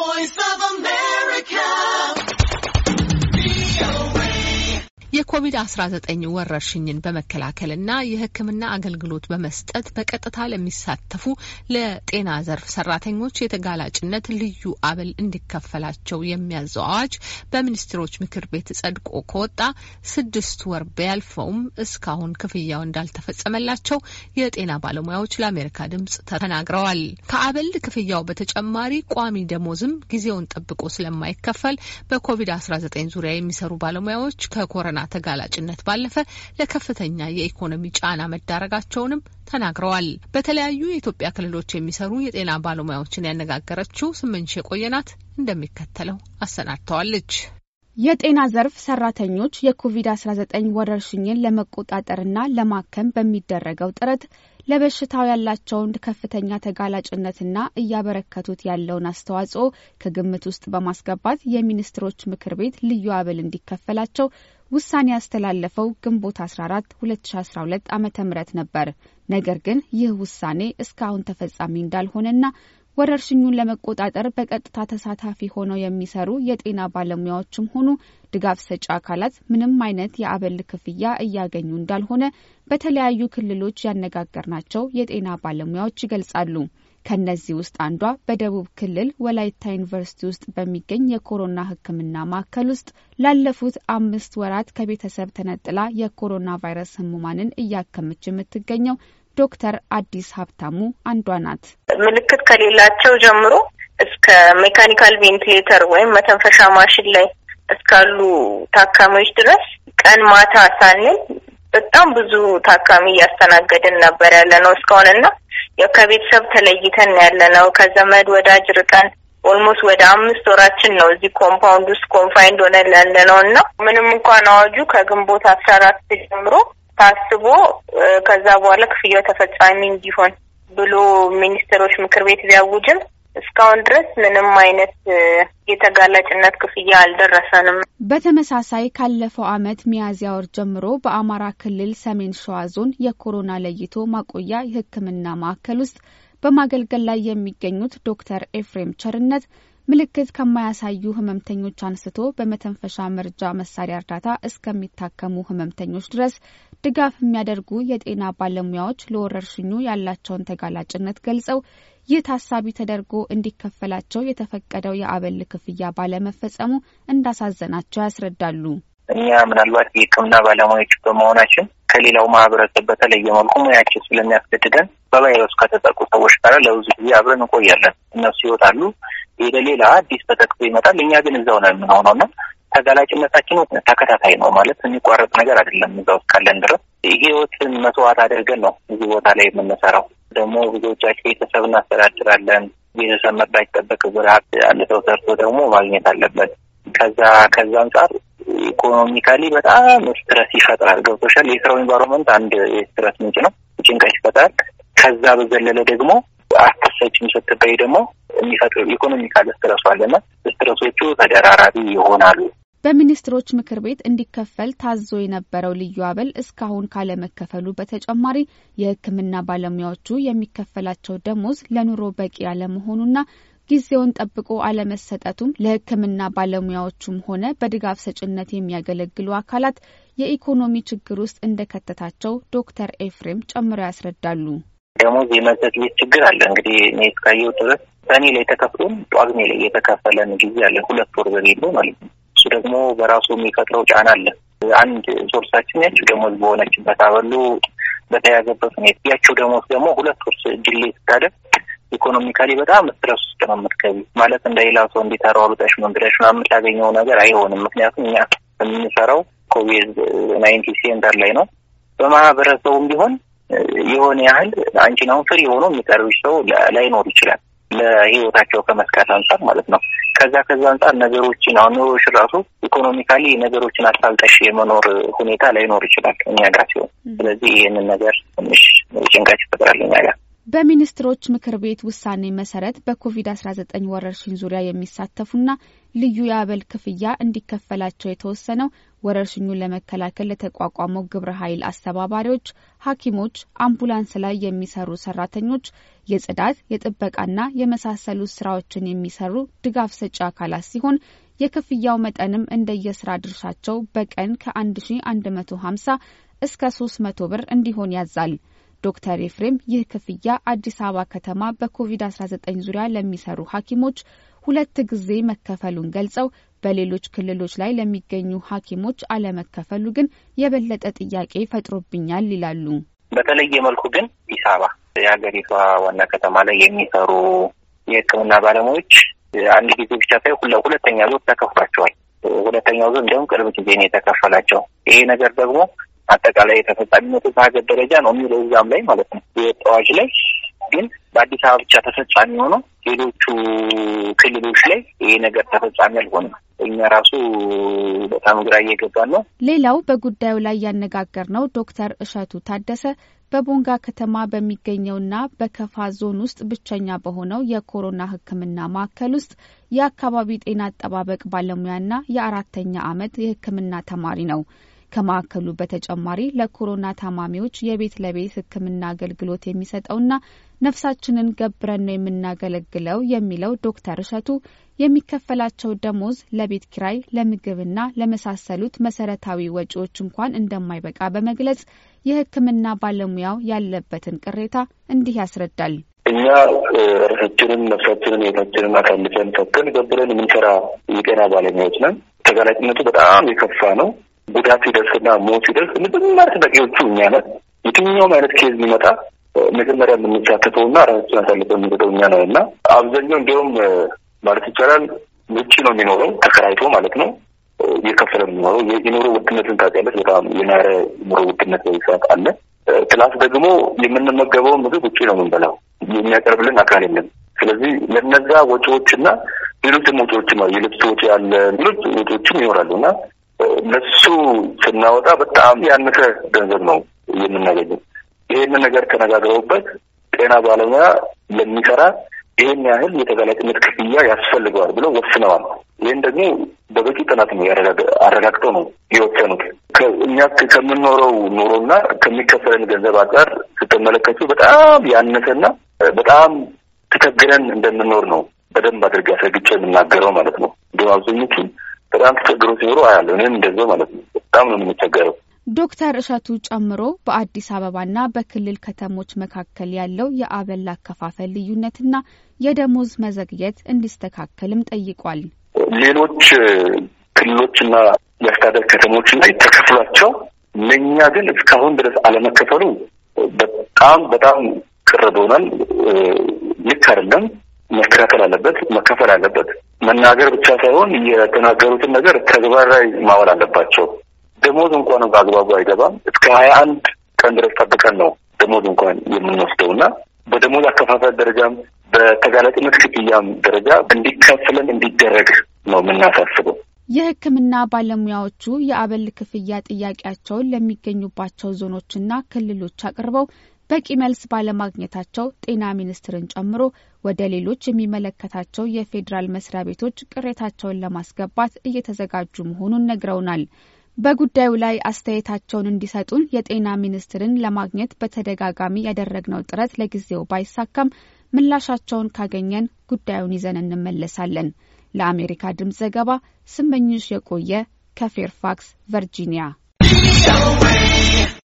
voice የኮቪድ-19 ወረርሽኝን በመከላከልና የሕክምና አገልግሎት በመስጠት በቀጥታ ለሚሳተፉ ለጤና ዘርፍ ሰራተኞች የተጋላጭነት ልዩ አበል እንዲከፈላቸው የሚያዘው አዋጅ በሚኒስትሮች ምክር ቤት ጸድቆ ከወጣ ስድስት ወር ቢያልፈውም እስካሁን ክፍያው እንዳልተፈጸመላቸው የጤና ባለሙያዎች ለአሜሪካ ድምጽ ተናግረዋል። ከአበል ክፍያው በተጨማሪ ቋሚ ደሞዝም ጊዜውን ጠብቆ ስለማይከፈል በኮቪድ-19 ዙሪያ የሚሰሩ ባለሙያዎች ከኮረና ተጋላጭነት ባለፈ ለከፍተኛ የኢኮኖሚ ጫና መዳረጋቸውንም ተናግረዋል። በተለያዩ የኢትዮጵያ ክልሎች የሚሰሩ የጤና ባለሙያዎችን ያነጋገረችው ስምንሽ የቆየናት እንደሚከተለው አሰናድተዋለች። የጤና ዘርፍ ሰራተኞች የኮቪድ-19 ወረርሽኝን ለመቆጣጠርና ለማከም በሚደረገው ጥረት ለበሽታው ያላቸውን ከፍተኛ ተጋላጭነትና እያበረከቱት ያለውን አስተዋጽኦ ከግምት ውስጥ በማስገባት የሚኒስትሮች ምክር ቤት ልዩ አበል እንዲከፈላቸው ውሳኔ ያስተላለፈው ግንቦት 14 2012 ዓ ም ነበር። ነገር ግን ይህ ውሳኔ እስካሁን ተፈጻሚ እንዳልሆነና ወረርሽኙን ለመቆጣጠር በቀጥታ ተሳታፊ ሆነው የሚሰሩ የጤና ባለሙያዎችም ሆኑ ድጋፍ ሰጪ አካላት ምንም አይነት የአበል ክፍያ እያገኙ እንዳልሆነ በተለያዩ ክልሎች ያነጋገርናቸው የጤና ባለሙያዎች ይገልጻሉ። ከነዚህ ውስጥ አንዷ በደቡብ ክልል ወላይታ ዩኒቨርሲቲ ውስጥ በሚገኝ የኮሮና ሕክምና ማዕከል ውስጥ ላለፉት አምስት ወራት ከቤተሰብ ተነጥላ የኮሮና ቫይረስ ህሙማንን እያከመች የምትገኘው ዶክተር አዲስ ሀብታሙ አንዷ ናት። ምልክት ከሌላቸው ጀምሮ እስከ ሜካኒካል ቬንቲሌተር ወይም መተንፈሻ ማሽን ላይ እስካሉ ታካሚዎች ድረስ ቀን ማታ ሳንል በጣም ብዙ ታካሚ እያስተናገድን ነበር ያለ ነው እስካሁን እና ከቤተሰብ ተለይተን ያለ ነው። ከዘመድ ወዳጅ ርቀን ኦልሞስት ወደ አምስት ወራችን ነው እዚህ ኮምፓውንድ ውስጥ ኮንፋይንድ ሆነን ያለ ነው እና ምንም እንኳን አዋጁ ከግንቦት አስራ አራት ጀምሮ ታስቦ ከዛ በኋላ ክፍያው ተፈጻሚ እንዲሆን ብሎ ሚኒስትሮች ምክር ቤት ቢያውጅም እስካሁን ድረስ ምንም አይነት የተጋላጭነት ክፍያ አልደረሰንም። በተመሳሳይ ካለፈው ዓመት ሚያዝያ ወር ጀምሮ በአማራ ክልል ሰሜን ሸዋ ዞን የኮሮና ለይቶ ማቆያ የሕክምና ማዕከል ውስጥ በማገልገል ላይ የሚገኙት ዶክተር ኤፍሬም ቸርነት ምልክት ከማያሳዩ ህመምተኞች አንስቶ በመተንፈሻ መርጃ መሳሪያ እርዳታ እስከሚታከሙ ህመምተኞች ድረስ ድጋፍ የሚያደርጉ የጤና ባለሙያዎች ለወረርሽኙ ያላቸውን ተጋላጭነት ገልጸው ይህ ታሳቢ ተደርጎ እንዲከፈላቸው የተፈቀደው የአበል ክፍያ ባለመፈጸሙ እንዳሳዘናቸው ያስረዳሉ። እኛ ምናልባት የሕክምና ባለሙያዎች በመሆናችን ከሌላው ማህበረሰብ በተለየ መልኩ ሙያችን ስለሚያስገድደን በቫይረሱ ከተጠቁ ሰዎች ጋር ለብዙ ጊዜ አብረን እንቆያለን። እነሱ ይወጣሉ፣ ሄደ ሌላ አዲስ ተጠቅሶ ይመጣል። እኛ ግን እዛው ነው የምንሆነው እና ተጋላጭነታችን ተከታታይ ነው ማለት የሚቋረጥ ነገር አይደለም። እዛ ውስጥ ካለን ድረስ ህይወትን መስዋዕት አድርገን ነው እዚህ ቦታ ላይ የምንሰራው። ደግሞ ብዙዎቻችን ቤተሰብ እናስተዳድራለን። ቤተሰብ መርዳት ይጠበቅ ብርሃት አንድ ሰው ሰርቶ ደግሞ ማግኘት አለበት። ከዛ ከዛ አንጻር ኢኮኖሚካሊ በጣም ስትረስ ይፈጥራል። ገብቶሻል። የስራው ኤንቫይሮንመንት አንድ የስትረስ ምንጭ ነው፣ ጭንቀት ይፈጥራል። ከዛ በዘለለ ደግሞ አትሰጭም ስትባይ ደግሞ የሚፈጥሩ ኢኮኖሚካል ስትረሱ አለና ስትረሶቹ ተደራራቢ ይሆናሉ። በሚኒስትሮች ምክር ቤት እንዲከፈል ታዞ የነበረው ልዩ አበል እስካሁን ካለመከፈሉ በተጨማሪ የሕክምና ባለሙያዎቹ የሚከፈላቸው ደሞዝ ለኑሮ በቂ ያለመሆኑና ጊዜውን ጠብቆ አለመሰጠቱም ለሕክምና ባለሙያዎቹም ሆነ በድጋፍ ሰጭነት የሚያገለግሉ አካላት የኢኮኖሚ ችግር ውስጥ እንደከተታቸው ዶክተር ኤፍሬም ጨምረው ያስረዳሉ። ደሞዝ የመዘግየት ችግር አለ። እንግዲህ እኔ እስካየሁ ድረስ ሰኔ ላይ ተከፍሎም ጳጉሜ ላይ የተከፈለን ጊዜ አለ። ሁለት ወር ዘግይቶ ማለት ነው። እሱ ደግሞ በራሱ የሚፈጥረው ጫና አለ። አንድ ሶርሳችን ያቸው ደሞዝ በሆነችበት አበሉ በተያዘበት ሁኔታ ያቸው ደሞዝ ደግሞ ሁለት ወርስ ድሌ ስታደርግ ኢኮኖሚካሊ በጣም ስትረስ ውስጥ ነው የምትገቢ። ማለት እንደ ሌላ ሰው እንዴት አሯሩጠሽ ምናምን የምታገኘው ነገር አይሆንም። ምክንያቱም እኛ የምንሰራው ኮቪድ ናይንቲ ሴንተር ላይ ነው። በማህበረሰቡም ቢሆን የሆነ ያህል አንቺን አሁን ፍሪ ሆኖ የሚቀርብሽ ሰው ላይኖር ይችላል፣ ለህይወታቸው ከመስጋት አንጻር ማለት ነው። ከዛ ከዛ አንጻር ነገሮችን አሁን ኑሮሽ ራሱ ኢኮኖሚካሊ ነገሮችን አሳልጠሽ የመኖር ሁኔታ ላይኖር ይችላል እኛ ጋር ሲሆን፣ ስለዚህ ይህንን ነገር ትንሽ ጭንቀት ይፈጥራል እኛ ጋር። በሚኒስትሮች ምክር ቤት ውሳኔ መሰረት በኮቪድ-19 ወረርሽኝ ዙሪያ የሚሳተፉና ልዩ የአበል ክፍያ እንዲከፈላቸው የተወሰነው ወረርሽኙን ለመከላከል ለተቋቋመው ግብረ ኃይል አስተባባሪዎች፣ ሐኪሞች፣ አምቡላንስ ላይ የሚሰሩ ሰራተኞች፣ የጽዳት የጥበቃና የመሳሰሉ ስራዎችን የሚሰሩ ድጋፍ ሰጪ አካላት ሲሆን የክፍያው መጠንም እንደየስራ ድርሻቸው በቀን ከ1150 እስከ 300 ብር እንዲሆን ያዛል። ዶክተር ኤፍሬም ይህ ክፍያ አዲስ አበባ ከተማ በኮቪድ-19 ዙሪያ ለሚሰሩ ሐኪሞች ሁለት ጊዜ መከፈሉን ገልጸው በሌሎች ክልሎች ላይ ለሚገኙ ሐኪሞች አለመከፈሉ ግን የበለጠ ጥያቄ ፈጥሮብኛል ይላሉ። በተለየ መልኩ ግን አዲስ አበባ የሀገሪቷ ዋና ከተማ ላይ የሚሰሩ የሕክምና ባለሙያዎች አንድ ጊዜ ብቻ ሳይሆን ሁለተኛ ዙር ተከፍሏቸዋል። ሁለተኛው ዙር እንዲሁም ቅርብ ጊዜ ነው የተከፈላቸው። ይሄ ነገር ደግሞ አጠቃላይ የተፈጻሚነቱ በሀገር ደረጃ ነው የሚለው እዛም ላይ ማለት ነው የጠዋጅ ላይ ግን በአዲስ አበባ ብቻ ተፈጻሚ ሆኖ ሌሎቹ ክልሎች ላይ ይህ ነገር ተፈጻሚ አልሆነም። እኛ ራሱ በጣም ግራ እየገባን ነው። ሌላው በጉዳዩ ላይ ያነጋገር ነው ዶክተር እሸቱ ታደሰ በቦንጋ ከተማ በሚገኘውና በከፋ ዞን ውስጥ ብቸኛ በሆነው የኮሮና ሕክምና ማዕከል ውስጥ የአካባቢ ጤና አጠባበቅ ባለሙያና የአራተኛ ዓመት የሕክምና ተማሪ ነው። ከማዕከሉ በተጨማሪ ለኮሮና ታማሚዎች የቤት ለቤት ሕክምና አገልግሎት የሚሰጠውና ነፍሳችንን ገብረን ነው የምናገለግለው የሚለው ዶክተር እሸቱ የሚከፈላቸው ደሞዝ ለቤት ኪራይ፣ ለምግብና ለመሳሰሉት መሰረታዊ ወጪዎች እንኳን እንደማይበቃ በመግለጽ የሕክምና ባለሙያው ያለበትን ቅሬታ እንዲህ ያስረዳል። እኛ ራሳችንን ነፍሳችንን የታችንን አካልፈን ፈተን ገብረን የምንሰራ የጤና ባለሙያዎች ነን። ተጋላጭነቱ በጣም የከፋ ነው። ጉዳት ሲደርስና ሞት ሲደርስ መጀመሪያ ተጠቂዎቹ እኛ ነን። የትኛውም አይነት ኬዝ የሚመጣ መጀመሪያ የምንሳተፈውና ራሳችን አሳልፈ የምንሰጠው እኛ ነን እና አብዛኛው እንዲሁም ማለት ይቻላል ውጭ ነው የሚኖረው ተከራይቶ ማለት ነው እየከፈለ የሚኖረው። የኑሮ ውድነትን ታውቂያለሽ፣ በጣም የናረ ኑሮ ውድነት በዚህ ሰዓት አለ። ፕላስ ደግሞ የምንመገበው ምግብ ውጭ ነው የምንበላው፣ የሚያቀርብልን አካል የለም። ስለዚህ ለነዛ ወጪዎችና ሌሎችም ወጪዎች ነው የልብስ ወጪ ያለ ሌሎች ወጪዎችም ይኖራሉ እና እነሱ ስናወጣ በጣም ያነሰ ገንዘብ ነው የምናገኘው። ይህን ነገር ተነጋግረውበት ጤና ባለሙያ ለሚሰራ ይህን ያህል የተጋላጭነት ክፍያ ያስፈልገዋል ብለው ወስነዋል። ይህን ደግሞ በበቂ ጥናት ነው አረጋግጠው ነው የወሰኑት። እኛ ከምንኖረው ኑሮና ከሚከፈለን ገንዘብ አንጻር ስትመለከቱ በጣም ያነሰና በጣም ተቸግረን እንደምኖር ነው በደንብ አድርጌ አስረግጬ የምናገረው ማለት ነው። እንደው በጣም ተቸግሮ ሲኖሩ አያለሁ። እኔም እንደዚያው ማለት ነው። በጣም ነው የምንቸገረው። ዶክተር እሸቱ ጨምሮ በአዲስ አበባና በክልል ከተሞች መካከል ያለው የአበል አከፋፈል ልዩነትና የደሞዝ መዘግየት እንዲስተካከልም ጠይቋል። ሌሎች ክልሎችና የአስተዳደር ከተሞች ላይ ተከፍሏቸው ለእኛ ግን እስካሁን ድረስ አለመከፈሉ በጣም በጣም ቅር ብሎናል። ልክ አይደለም። መስተካከል አለበት፣ መከፈል አለበት። መናገር ብቻ ሳይሆን የተናገሩትን ነገር ተግባራዊ ማዋል አለባቸው። ደሞዝ እንኳን በአግባቡ አይገባም። እስከ ሀያ አንድ ቀን ድረስ ጠብቀን ነው ደሞዝ እንኳን የምንወስደው እና በደሞዝ አከፋፈል ደረጃም በተጋላጭነት ክፍያም ደረጃ እንዲከፍለን እንዲደረግ ነው የምናሳስበው። የሕክምና ባለሙያዎቹ የአበል ክፍያ ጥያቄያቸውን ለሚገኙባቸው ዞኖችና ክልሎች አቅርበው በቂ መልስ ባለማግኘታቸው ጤና ሚኒስትርን ጨምሮ ወደ ሌሎች የሚመለከታቸው የፌዴራል መስሪያ ቤቶች ቅሬታቸውን ለማስገባት እየተዘጋጁ መሆኑን ነግረውናል። በጉዳዩ ላይ አስተያየታቸውን እንዲሰጡን የጤና ሚኒስትርን ለማግኘት በተደጋጋሚ ያደረግነው ጥረት ለጊዜው ባይሳካም ምላሻቸውን ካገኘን ጉዳዩን ይዘን እንመለሳለን። ለአሜሪካ ድምፅ ዘገባ ስመኝሽ የቆየ ከፌርፋክስ ቨርጂኒያ